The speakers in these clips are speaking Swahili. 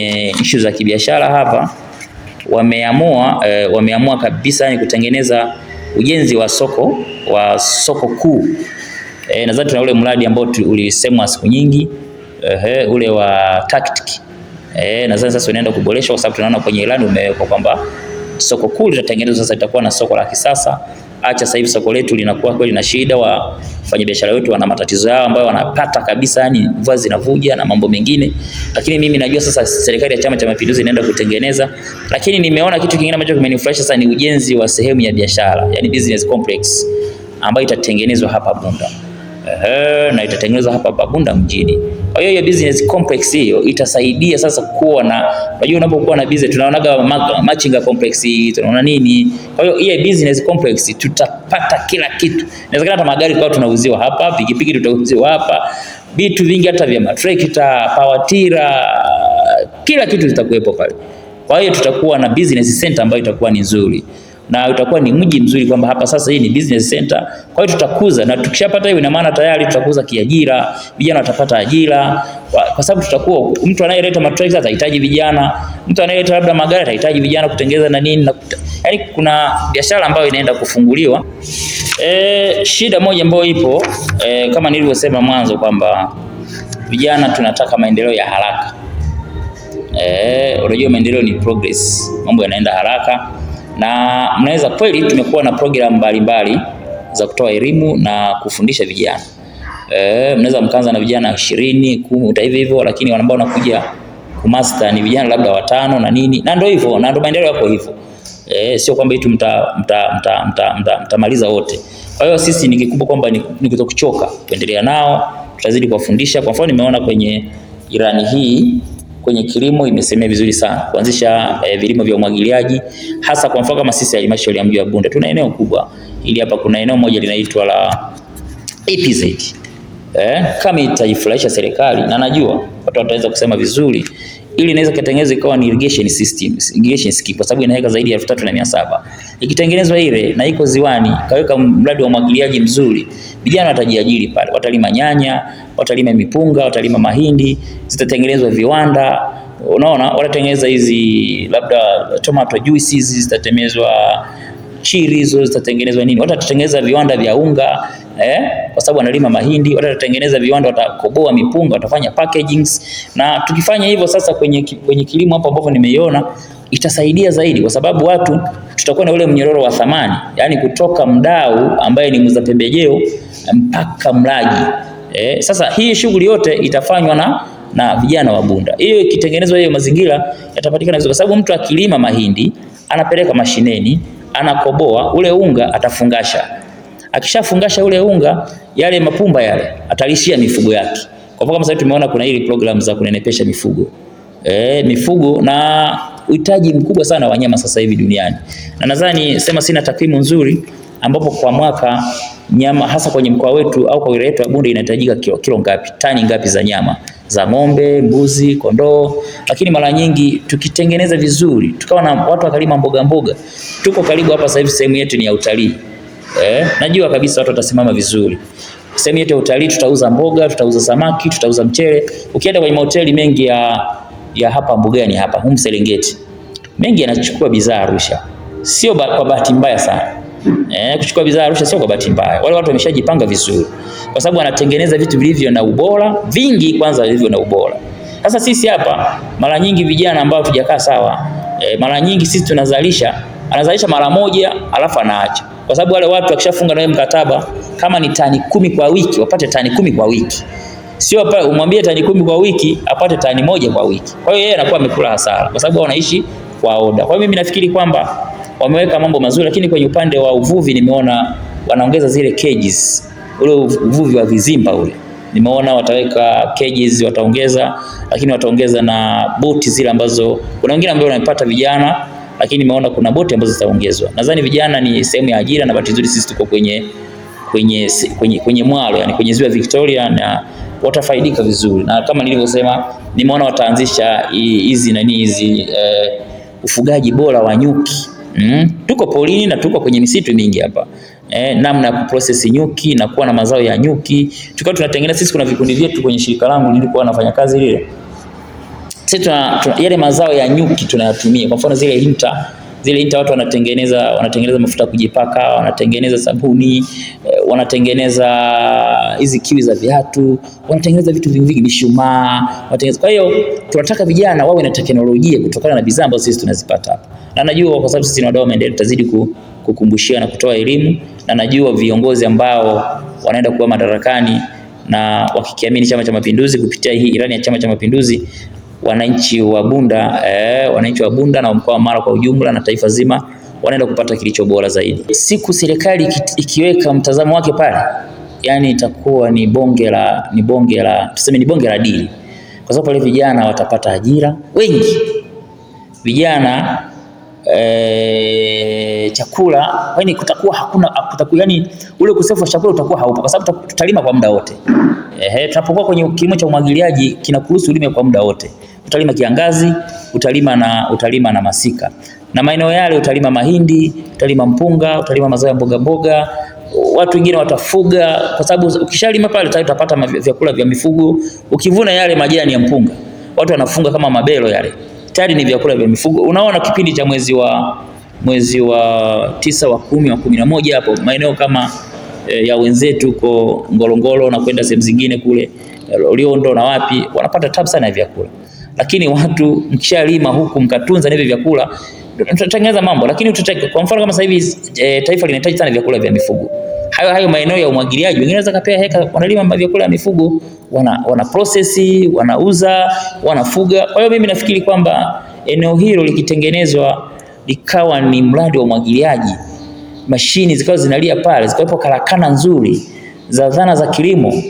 Eh, ishu za kibiashara hapa wameamua e, wameamua kabisa ni kutengeneza ujenzi wa soko wa soko kuu e, nadhani tuna ule mradi ambao ulisemwa siku nyingi e, ule wa tactic e, nadhani sasa unaenda kuboreshwa kwa sababu tunaona kwenye ilani umewekwa kwamba soko kuu litatengenezwa sasa, litakuwa na soko la kisasa acha sasa hivi soko letu linakuwa kweli na shida, wafanyabiashara wetu wana matatizo yao ambayo wanapata kabisa, yani mvua zinavuja na mambo mengine. Lakini mimi najua sasa serikali ya Chama cha Mapinduzi inaenda kutengeneza. Lakini nimeona kitu kingine ambacho kimenifurahisha sasa ni ujenzi wa sehemu ya biashara, yani business complex ambayo itatengenezwa hapa Bunda. Ehe, na itatengenezwa hapa Babunda mjini. Kwa hiyo hiyo business complex hiyo itasaidia sasa kuwa na, unajua unapokuwa na business tunaonaga machinga complex, tunaona nini? Kwa hiyo hiyo business complex tutapata kila kitu. Inawezekana hata magari kwa tunauziwa hapa, pikipiki tutauziwa hapa, vitu vingi hata vya matrekta, pawatira, kila kitu vitakuwepo pale. Kwa hiyo tutakuwa na business center ambayo itakuwa ni nzuri na utakuwa ni mji mzuri, kwamba hapa sasa hii ni business center. Kwa hiyo tutakuza, na tukishapata hiyo, ina maana tayari tutakuza kiajira, vijana watapata ajira, kwa kwa sababu tutakuwa mtu anayeleta matrekta atahitaji vijana, mtu anayeleta labda magari atahitaji vijana kutengeza na nini na kuta... yani kuna biashara ambayo inaenda kufunguliwa. E, shida moja ambayo ipo e, kama nilivyosema mwanzo kwamba vijana tunataka maendeleo ya haraka. Eh, unajua maendeleo ni progress, mambo yanaenda haraka na mnaweza kweli, tumekuwa na programu mbalimbali za kutoa elimu na kufundisha vijana e, mnaweza mkaanza na vijana ishirini kumi hivyo hivyo, lakini ambao wanakuja kumaster ni vijana labda watano na nini, na ndio hivyo, na ndio maendeleo yako hivyo. E, sio kwamba eti mtamaliza mta, mta, mta, mta, mta wote. Kwa hiyo sisi ni kikubwa kwamba ni, ni kutokuchoka kuendelea nao, tutazidi kuwafundisha. Kwa mfano nimeona kwenye irani hii kwenye kilimo imesemea vizuri sana kuanzisha eh, vilimo vya umwagiliaji hasa kwa mfano kama sisi halmashauri ya mji wa Bunda tuna eneo kubwa, ili hapa kuna eneo moja linaitwa la EPZ. Eh, kama itaifurahisha serikali na najua watu wataweza kusema vizuri, ili inaweza kutengenezwa ikawa ni irrigation system, irrigation scheme kwa sababu ina heka zaidi ya elfu tatu na mia saba Ikitengenezwa ile na iko ziwani, kaweka mradi wa umwagiliaji mzuri, vijana watajiajiri pale, watalima nyanya, watalima mipunga, watalima mahindi, zitatengenezwa viwanda Unaona, watatengeneza hizi labda tomato juices zitatengenezwa, chiri hizo zitatengenezwa nini, watatengeneza viwanda vya unga eh, kwa sababu wanalima mahindi, watatengeneza viwanda, watakoboa mipunga, watafanya packagings. Na tukifanya hivyo sasa kwenye, kwenye kilimo hapo ambapo nimeiona itasaidia zaidi, kwa sababu watu tutakuwa na ule mnyororo wa thamani, yaani kutoka mdau ambaye ni muuza pembejeo mpaka mlaji. E, sasa hii shughuli yote itafanywa na na vijana wa Bunda. Hiyo ikitengenezwa, hiyo mazingira yatapatikana vizuri, kwa sababu mtu akilima mahindi anapeleka mashineni, anakoboa ule unga, atafungasha. Akishafungasha ule unga, yale mapumba yale atalishia mifugo yake. Kwa mfano kama sasa tumeona kuna ile program za kunenepesha mifugo e, mifugo na uhitaji mkubwa sana wa nyama sasa hivi duniani, na nadhani sema sina takwimu nzuri, ambapo kwa mwaka nyama hasa kwenye mkoa wetu au kwa wilaya yetu ya Bunda inahitajika kilo, kilo ngapi, tani ngapi za nyama za ng'ombe, mbuzi, kondoo. Lakini mara nyingi tukitengeneza vizuri, tukawa na watu wakalima mboga mboga, tuko karibu hapa sasa hivi, sehemu yetu ni ya utalii eh, najua kabisa watu watasimama vizuri sehemu yetu ya utalii tutauza mboga, tutauza samaki, tutauza mchele. Ukienda kwenye mahoteli mengi ya ya hapa mbugani hapa hum Serengeti mengi yanachukua bidhaa Arusha, sio kwa bahati mbaya sana. Eh, kuchukua bidhaa Arusha sio kwa bahati mbaya. Wale watu wameshajipanga vizuri, kwa sababu wanatengeneza vitu vilivyo na ubora vingi, kwanza vilivyo na ubora. Sasa sisi hapa mara nyingi vijana ambao tujakaa sawa e, mara nyingi sisi tunazalisha, anazalisha mara moja alafu anaacha, kwa sababu wale watu wakishafunga na mkataba kama ni tani kumi kwa wiki wapate tani kumi kwa wiki sio pale umwambie tani kumi kwa wiki apate tani moja kwa wiki. Kwa hiyo yeye anakuwa amekula hasara, kwa sababu wanaishi kwa oda. Kwa hiyo mimi nafikiri kwamba wameweka mambo mazuri, lakini kwenye upande wa uvuvi nimeona wanaongeza zile cages, ule uvuvi wa vizimba ule nimeona wataweka cages, wataongeza lakini wataongeza na boti zile ambazo kuna wengine ambao wanaipata vijana, lakini nimeona kuna boti ambazo zitaongezwa. Nadhani vijana ni sehemu ya ajira, na bahati nzuri sisi tuko kwenye kwenye kwenye, kwenye mwalo yani kwenye ziwa Victoria na watafaidika vizuri, na kama nilivyosema, nimeona wataanzisha hizi nani hizi eh, ufugaji bora wa nyuki mm. Tuko polini na tuko kwenye misitu mingi hapa eh, namna ya kuprocess nyuki na kuwa na mazao ya nyuki, tukao tunatengeneza sisi. Kuna vikundi vyetu kwenye shirika langu nilikuwa nafanya kazi lile, sisi tuna, tuna, yale mazao ya nyuki tunayatumia, kwa mfano zile hinta zile nta watu wanatengeneza wanatengeneza mafuta kujipaka, wanatengeneza sabuni, eh, wanatengeneza hizi kiwi za viatu, wanatengeneza vitu vingi, mishumaa, wanatengeneza. Kwa hiyo tunataka vijana wawe na teknolojia kutokana na bidhaa ambazo sisi tunazipata hapa, na najua kwa sababu sisi ni wadau maendeleo tutazidi kukumbushia na kutoa elimu, na najua viongozi ambao wanaenda kuwa madarakani na wakikiamini Chama cha Mapinduzi kupitia hii ilani ya Chama cha Mapinduzi wananchi wa Bunda eh, wananchi wa Bunda na mkoa wa Mara kwa ujumla na taifa zima wanaenda kupata kilicho bora zaidi. Siku serikali ikiweka mtazamo wake pale, yani itakuwa ni bonge la ni bonge la tuseme ni bonge la dili, kwa sababu pale vijana watapata ajira wengi, vijana e, chakula yani kutakuwa hakuna kutakuwa, yani ule ukosefu wa chakula utakuwa haupo, kwa sababu tutalima kwa muda wote. Ehe, tunapokuwa kwenye kilimo cha umwagiliaji kinakuruhusu ulime kwa muda wote utalima kiangazi, utalima na, utalima na masika, na maeneo yale utalima mahindi, utalima mpunga, utalima mazao ya mboga mboga watu wengine watafuga, kwa sababu ukishalima pale tayari utapata vyakula vya mifugo. Ukivuna yale majani ya mpunga, watu wanafunga kama mabelo yale, tayari ni vyakula vya mifugo. Unaona, kipindi cha mwezi wa mwezi wa tisa wa kumi wa kumi na moja hapo maeneo kama e, ya wenzetu huko Ngorongoro na kwenda sehemu zingine kule e, Liondo na wapi, wanapata tabu sana ya vyakula lakini watu mkishalima huku mkatunza hivi vyakula tutatengeneza mambo, lakini utacheki. Kwa mfano kama sasa hivi e, taifa linahitaji sana vyakula vya mifugo. Hayo hayo maeneo ya umwagiliaji, wengine wanaweza kapea heka, wanalima vyakula vya mifugo, wana wana process, wanauza, wanafuga. Kwa hiyo mimi nafikiri kwamba eneo hilo likitengenezwa likawa ni mradi wa umwagiliaji, mashini zikawa zinalia pale, zikawepo karakana nzuri za dhana za kilimo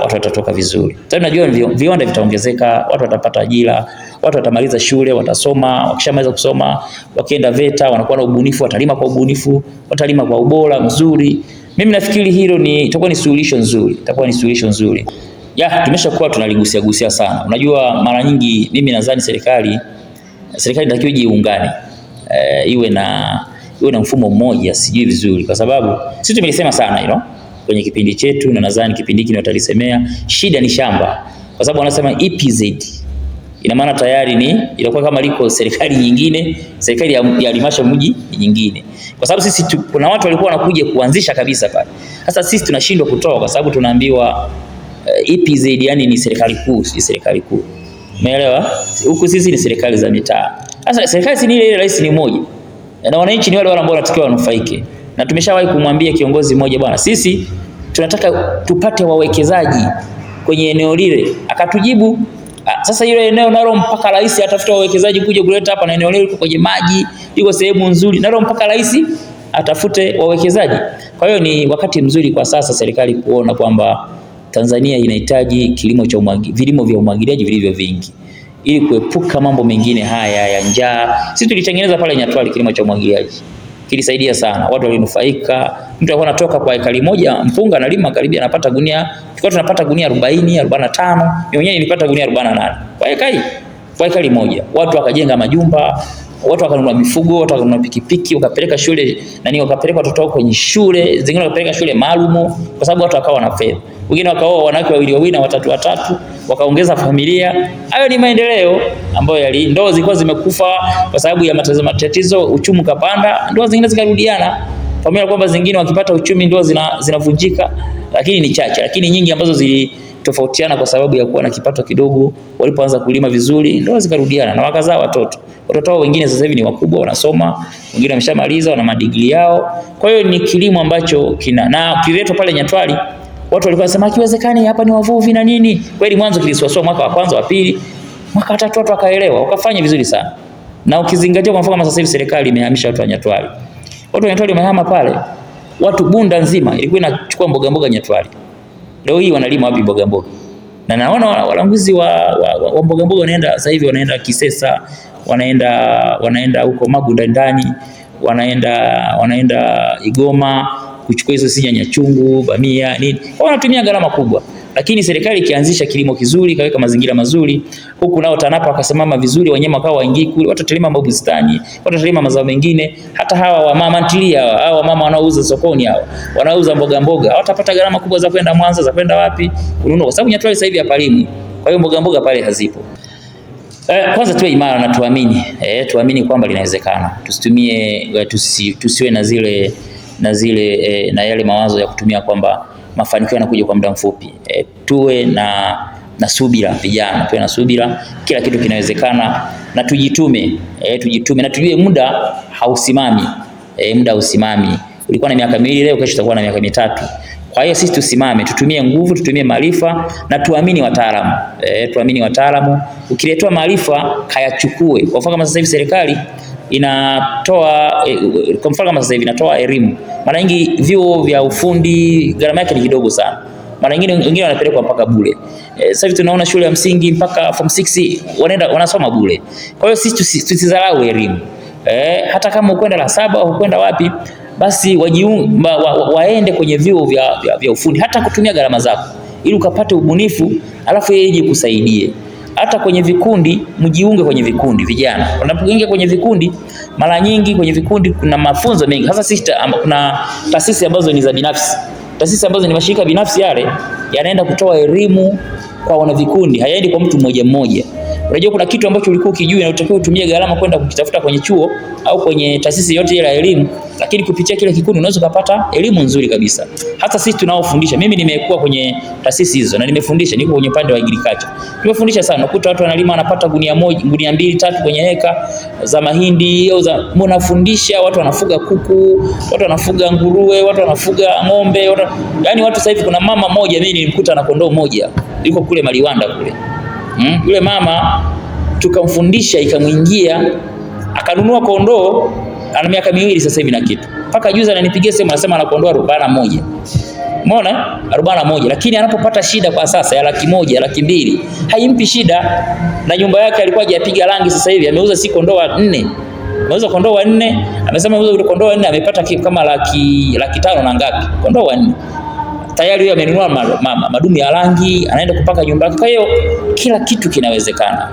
watu watatoka vizuri. Sasa najua viwanda vitaongezeka, watu watapata ajira, watu watamaliza shule, watasoma, wakishamaliza kusoma, wakienda VETA wanakuwa na ubunifu, watalima kwa ubunifu, watalima kwa ubora mzuri. Mimi nafikiri hilo ni itakuwa ni suluhisho nzuri, itakuwa ni suluhisho nzuri. Ya, tumeshakuwa tunaligusia gusia sana. Unajua mara nyingi mimi nadhani serikali serikali inatakiwa jiungane. Eh, iwe na iwe na mfumo mmoja, sijui vizuri kwa sababu sisi tumelisema sana hilo kwenye kipindi chetu, na nadhani kipindi hiki watalisemea. Shida ni shamba, kwa sababu wanasema EPZ, ina maana tayari ni inakuwa kama liko serikali nyingine, serikali ya halmashauri mji nyingine, kwa sababu sisi tu, kuna watu walikuwa wanakuja kuanzisha kabisa pale. Sasa sisi tunashindwa kutoa, kwa sababu tunaambiwa uh, eh, EPZ yani ni serikali kuu, si serikali kuu, umeelewa? Huku sisi ni serikali za mitaa. Sasa serikali si ni ile ile, rais ni mmoja na wananchi ni wale wale ambao wanatakiwa wanufaike na tumeshawahi kumwambia kiongozi mmoja, bwana, sisi tunataka tupate wawekezaji kwenye eneo lile, akatujibu ah, sasa yule eneo nalo mpaka rais atafuta wawekezaji kuja kuleta hapa, na eneo lile liko kwenye maji, liko sehemu nzuri, nalo mpaka rais atafute wawekezaji. Kwa hiyo ni wakati mzuri kwa sasa serikali kuona kwamba Tanzania inahitaji kilimo cha umwagiliaji, vilimo vya umwagiliaji vilivyo vingi ili kuepuka mambo mengine haya ya njaa. Sisi tulitengeneza pale Nyatwali kilimo cha umwagiliaji kilisaidia sana, watu walinufaika. Mtu alikuwa anatoka kwa ekari moja mpunga analima karibia anapata gunia, tulikuwa tunapata gunia 40 45, mimi mwenyewe nilipata gunia 48 kwa ekari, kwa ekari moja. Watu wakajenga majumba watu wakanunua mifugo, watu wakanunua pikipiki, wakapeleka shule nani, wakapeleka watoto wao kwenye shule zingine, wakapeleka shule maalumu, kwa sababu watu wakawa na fedha. Wengine wakaoa wanawake wawili wawili na watatu watatu, wakaongeza familia. Hayo ni maendeleo ambayo yali, ndoa zilikuwa zimekufa kwa sababu ya matatizo, uchumi ukapanda, ndoa zingine zikarudiana, pamoja na kwamba zingine wakipata uchumi ndoa zinavunjika zina lakini ni chache, lakini nyingi ambazo zilitofautiana kwa sababu ya kuwa na kipato kidogo, walipoanza kulima vizuri ndio zikarudiana na wakazaa watoto. Watoto wao wengine sasa hivi ni wakubwa, wanasoma, wengine wameshamaliza, wana madigri yao. Kwa hiyo ni kilimo ambacho kina na kiletwa pale Nyatwali watu walikuwa wanasema kiwezekani hapa ni wavuvi na nini. Kweli mwanzo kilisuasua, mwaka wa kwanza, wa pili, mwaka wa tatu watu wakaelewa, wakafanya vizuri sana, na ukizingatia kwa mfano sasa hivi serikali imehamisha watu wa Nyatwali, watu wa Nyatwali wamehama pale watu bunda nzima ilikuwa inachukua mboga mboga Nyatwali. Leo hii wanalima wapi mboga mboga? Na naona walanguzi wa, wa, wa, wa mboga mboga wanaenda sasa hivi wanaenda Kisesa, wanaenda wanaenda huko magunda ndani, wanaenda wanaenda Igoma kuchukua hizo sinya nyachungu, bamia, nini. Wanatumia gharama kubwa. Lakini serikali ikianzisha kilimo kizuri, ikaweka mazingira mazuri, huku nao TANAPA wakasimama vizuri, wanyama kwa waingii kule, watu wataterema mabustani, wataterema mazao mengine. Hata hawa wamama ntilia hawa, hawa wamama wanaouza sokoni, hawa wanauza mboga mboga, hawatapata gharama kubwa za kwenda Mwanza, za kwenda wapi kununua, kwa sababu Nyatura sasa hivi hapalimwi, kwa hiyo mboga mboga pale hazipo. Eh, kwanza tuwe imara na tuamini, eh, tuamini kwamba linawezekana. Tusitumie eh, tusi, tusiwe na zile na zile eh, na yale mawazo ya kutumia kwamba mafanikio yanakuja kwa muda mfupi. E, tuwe na na subira vijana, tuwe na subira, kila kitu kinawezekana, na tujitume e, tujitume na tujue muda hausimami e, muda hausimami. Ulikuwa na miaka miwili leo, kesho utakuwa na miaka mitatu. Kwa hiyo sisi tusimame, tutumie nguvu, tutumie maarifa na tuamini wataalamu e, tuamini wataalamu. Ukiletewa maarifa kayachukue Kwa mfano kama sasa hivi serikali inatoa eh, kwa mfano kama sasa hivi inatoa elimu. Mara nyingi vyuo vya ufundi gharama yake ni kidogo sana, mara nyingine wengine wanapelekwa mpaka bure. Eh, sasa hivi tunaona shule ya msingi mpaka form 6 wanaenda wanasoma bure. Kwa hiyo sisi tusizalau elimu eh, hata kama ukwenda la saba au ukwenda wapi basi wajiunge, wa, wa, waende kwenye vyuo vya, vya, vya ufundi hata kutumia gharama zako ili ukapate ubunifu alafu yeye ije kusaidie hata kwenye vikundi mjiunge kwenye vikundi vijana. Unapoingia kwenye vikundi, mara nyingi kwenye vikundi kuna mafunzo mengi, hasa sisi kuna taasisi ambazo ni za binafsi, taasisi ambazo ni mashirika binafsi, yale yanaenda kutoa elimu kwa wanavikundi, hayaendi kwa mtu mmoja mmoja. Unajua kuna kitu ambacho ulikuwa ukijui na utakiwa utumie gharama kwenda kukitafuta kwenye chuo au kwenye taasisi yote ile ya elimu, lakini kupitia kile kikundi unaweza kupata elimu nzuri kabisa. Hata sisi tunaofundisha, mimi nimekuwa kwenye taasisi hizo na nimefundisha, niko kwenye upande wa agriculture. Tumefundisha sana, Ukuta watu wanalima wanapata gunia moja, gunia mbili tatu kwenye heka za mahindi au za mnafundisha, watu wanafuga kuku, watu wanafuga nguruwe, watu wanafuga ng'ombe, watu... yaani watu sasa hivi kuna mama moja mimi nilimkuta na kondoo moja, yuko kule Maliwanda kule mm? Yule mama tukamfundisha, ikamwingia akanunua kondoo, ana miaka miwili sasa hivi na kitu, mpaka juzi ananipigia simu anasema ana kondoo arobaini na moja. Umeona, arobaini na moja, lakini anapopata shida kwa sasa ya laki moja laki mbili haimpi shida, na nyumba yake alikuwa hajapiga rangi, sasa hivi ameuza si kondoo wa nne ameuza kondoo wa nne, amesema ameuza kondoo wa nne, amepata kama laki laki tano na ngapi, kondoo wa nne tayari huyo amenunua madumu ya rangi, anaenda kupaka nyumba yake. Kwa hiyo kila kitu kinawezekana.